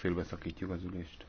Félbeszakítjuk az ülést.